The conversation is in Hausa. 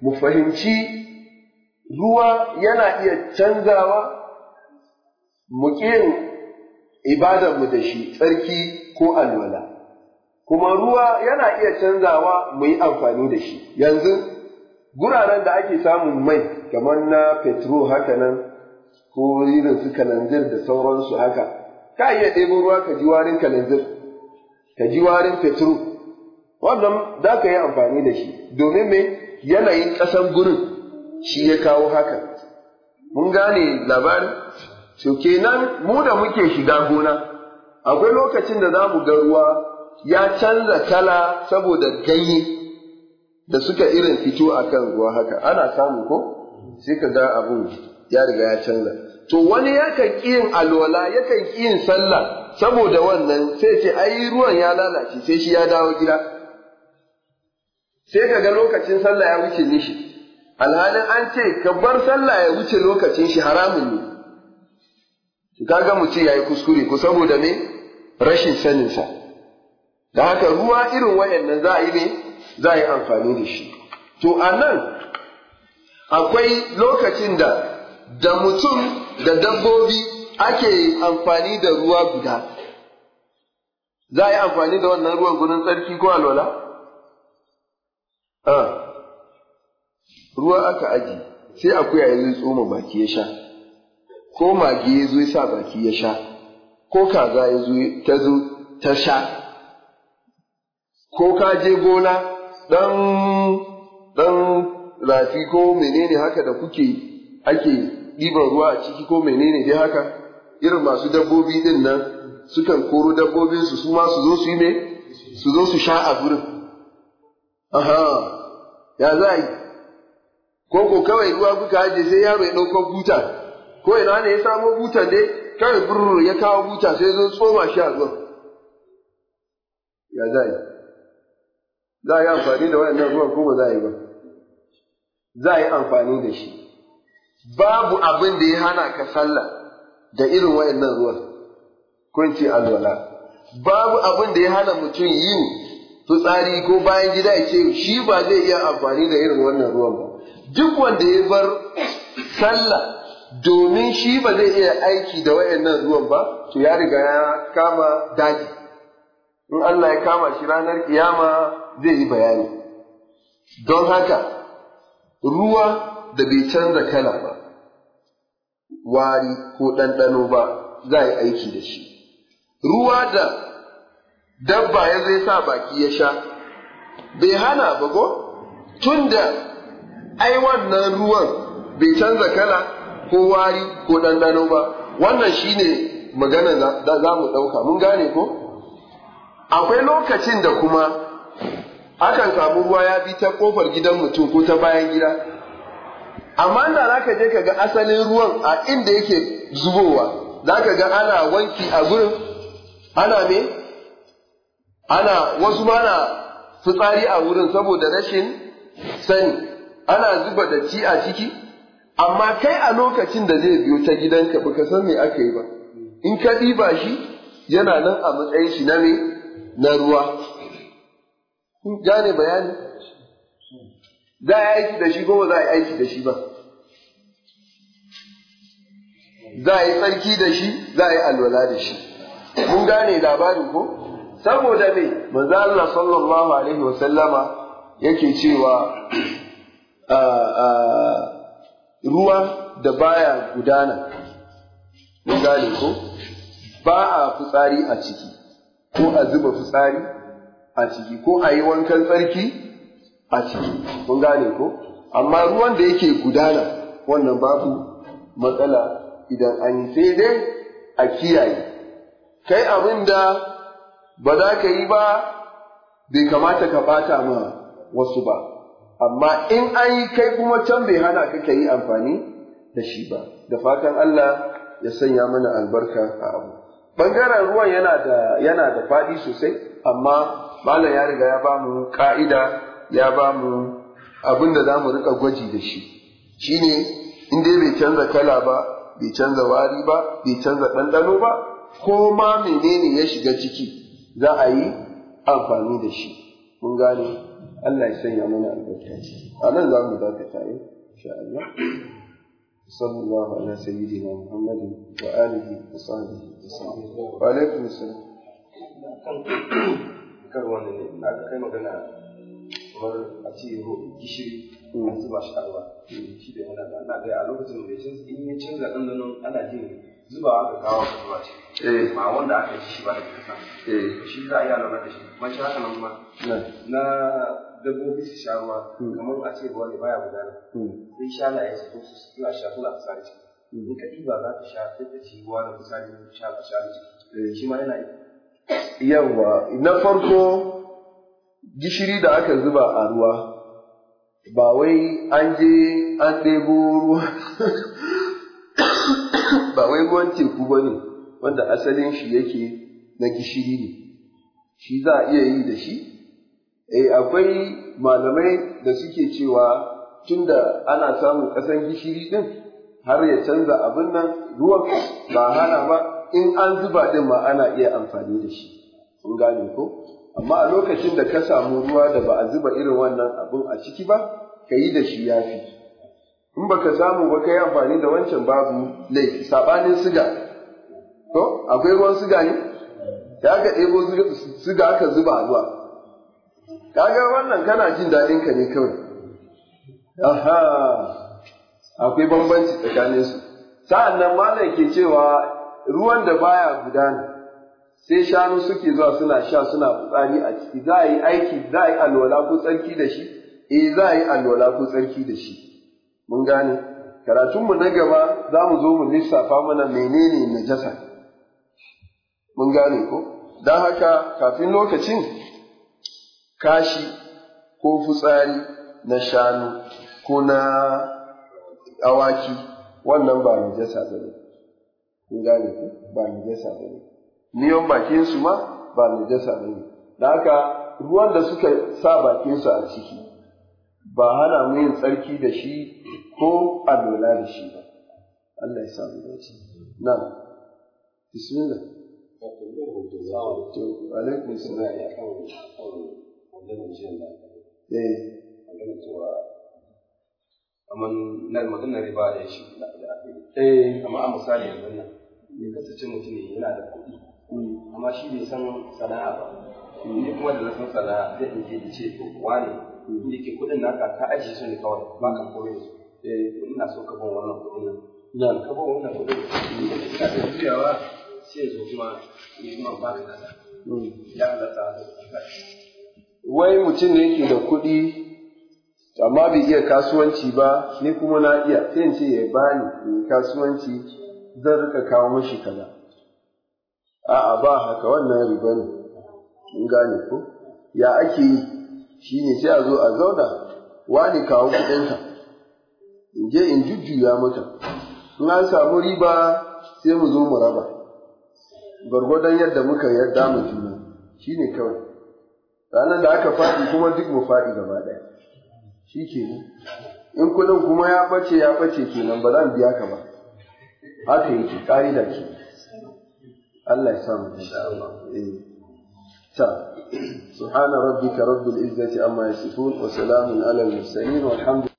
mu fahimci ruwa yana iya canzawa mu ƙin mu da shi tsarki ko alwala kuma ruwa yana iya canzawa mu yi amfani da shi yanzu guraren da ake samun mai kamar na petro haka nan ko irin su kalanzir da sauransu haka ka iya ɗebo ruwa ka ji warin kalanzir ka ji warin petro wannan za ka yi amfani da shi domin me yanayin ƙasan gurin shi ya kawo haka. Mun gane labarin? To kenan mu da muke shiga gona, akwai lokacin da za mu ga ruwa ya canza kala saboda ganye da suka irin fito a kan ruwa haka, ana samu ko? Sai ka ga abun ya riga ya canza. To wani yakan yin alwala, yakan yin sallah saboda wannan sai ce ai ruwan ya lalace sai shi ya dawo gida. sai ka ga lokacin sallah ya wuce nishi alhalin an ce ka bar sallah ya wuce lokacin shi haramun ne ga mu ce yi kuskure ko saboda me rashin saninsa. da haka ruwa irin wayannan za a yi ne za a yi amfani da shi to a nan akwai lokacin da da mutum da dabbobi ake amfani da ruwa guda za a yi amfani da wannan ruwan gudun tsarki ko alwala ruwa aka aji sai akuya ya zo tsoma baki ya sha ko magi ya zo ya sa baki ya sha ko kaza ya zo ta zo ta sha ko ka je gona dan dan rafi ko menene haka da kuke ake ɗiban ruwa a ciki ko menene dai haka irin masu dabbobi din nan sukan koro dabbobinsu su ma su zo su yi ne su zo su sha a gurin aha ya za a yi ko ko kawai ruwa kuka aje sai yaro ya ɗauko buta ko ina ne ya samo butan dai kawai burur ya kawo buta sai zo tsoma shi a ruwan ya za a yi za a yi amfani da wayannan ruwan ko ba za a yi ba za a yi amfani da shi babu abin da ya hana ka sallah da irin wayannan ruwan kun ce alwala babu abin da ya hana mutum yin fitsari ko bayan gida ya ce shi ba zai iya amfani da irin wannan ruwan ba duk wanda ya bar sallah domin shi ba zai iya aiki da wayannan ruwan ba to ya riga ya kama daji in Allah ya kama shi ranar kiyama zai yi bayani don haka ruwa da bai canza kala ba wari ko ɗanɗano ba za a yi aiki da shi ruwa da dabba ya zai sa baki ya sha bai hana ba ko tunda ai wannan ruwan bai canza kala ko wari ko ɗanɗano ba wannan shine magana da za mu ɗauka mun gane ko akwai lokacin da kuma akan samu ruwa ya bi ta kofar gidan mutum ko ta bayan gida amma da za ka je ka ga asalin ruwan a inda yake zubowa za ka ga ana wanki a gurin ana me ana wasu ma na fitsari a wurin saboda rashin sani ana zuba da ci a ciki amma kai a lokacin da zai biyo ta gidanka ka san me aka yi ba in ka ɗiba shi yana nan a matsayin shi na me na ruwa kun gane bayani za a yi aiki da shi ko ba za a yi aiki da shi ba za a yi tsarki da shi za a yi alwala da shi mun gane labarin ko saboda me manzo Allah sallallahu alaihi wa sallama yake cewa ruwa da baya gudana mun ko ba a fitsari a ciki ko a zuba fitsari a ciki ko a yi wankan tsarki a ciki mun gane ko amma ruwan da yake gudana wannan babu matsala idan an yi sai dai a kiyaye kai abin da ba za ka yi ba bai kamata ka ɓata ma wasu ba amma in an yi kai kuma can bai hana ka yi amfani da shi ba da fatan Allah ya sanya mana albarka a abu bangaren ruwan yana da yana da faɗi sosai amma malam ya riga ya ba mu ka'ida ya ba mu abin da za mu riƙa gwaji da shi shine in dai bai canza kala ba bai canza wari ba bai canza ɗanɗano ba ko ma menene ya shiga ciki za a yi amfani da shi mun gane Allah ya sanya mana albarka a nan za mu dakata yi insha Allah sallallahu ala sayyidina Muhammad wa alihi wa sahbihi wa sallam wa alaikum assalam kan kar wani ne na ga kai magana kamar a ce ro gishiri a zuba shi Allah hmm. shi da wani da na ga a lokacin da ya canza ɗanɗanon ana jin zuba aka kawo su zuwa ce eh. ma wanda aka yi shi ba da kasa eh. shi za a yi alaura da shi man shi haka nan ma na dabbobi su sha ruwa hmm. kamar a ce ruwa ne baya gudana hmm. sai sha na ya fito su suna sha suna tsari hmm. in ka ɗiba za ta sha sai ta ci ruwa da misali sha ta sha da eh. shi ma yana yi yawa na farko gishiri da aka zuba a ruwa ba wai an je an ɗebo ruwa ba wai ruwan teku ba ne wanda asalin shi yake na gishiri ne shi za a iya yi da shi eh akwai malamai da suke cewa tun da ana samun ƙasan gishiri din har ya canza abin nan ruwan ba hana ba in an zuba din ma ana iya amfani da shi sun gane ko amma a lokacin da ka samu ruwa da ba a zuba irin wannan abin a ciki ba ka yi da shi ya fi. in ba ka samu ba kai amfani da wancan babu laifi sabanin siga to akwai ruwan siga ne da aka ɗebo siga aka zuba zuwa kaga wannan kana jin daɗin ka ne kawai aha akwai bambanci tsakanin su sa'an nan malam ke cewa ruwan da baya gudana sai shanu suke zuwa suna sha suna fitsari a ciki za a yi aiki za a yi alwala ko tsarki da shi eh za a yi alwala ko tsarki da shi mun gane karatunmu na gaba za mu zo mu lissafa mana menene najasa mun gane ko don haka kafin lokacin kashi ko fitsari na shanu ko na awaki wannan ba najasa ba ne Mun gane ko. ba najasa ba ne niyon bakin ma ba najasa ba ne da haka ruwan da suka sa bakinsu a ciki ba hana mu yin tsarki da shi ko alola da shi ba Allah ya samu dace na bismillah to alaikum salam ya kawo wannan jiyan da eh magana cewa amman na magana riba da shi da eh amma a misali yanzu nan ne kasance mutum yana da kuɗi hmm. amma shi bai san ba ni na san sana'a eh ina so ka ban wannan kuɗin nan ka ban wannan kuɗin juyawa sai zo kuma hmm. ya wai mutum ne yake da kuɗi amma bai iya kasuwanci ba ni kuma na iya sai in ce ya bani ni kasuwanci zan rika kawo mashi kaza a'a ba haka wannan riba ne in gane ko ya ake yi ne sai a zo a zauna wani kawo kuɗinka in je in jujjuya mata in an samu riba sai mu zo mu raba gwargwadon yadda muka yarda mu juna shi ne kawai ranar da aka faɗi kuma duk mu faɗi gaba ɗaya shi ke in kudin kuma ya ɓace ya ɓace kenan ba zan biya ka ba haka yake ƙa'ida ke Allah ya samu eh. ta سبحان ربك رب العزة عما يصفون وسلام على المرسلين والحمد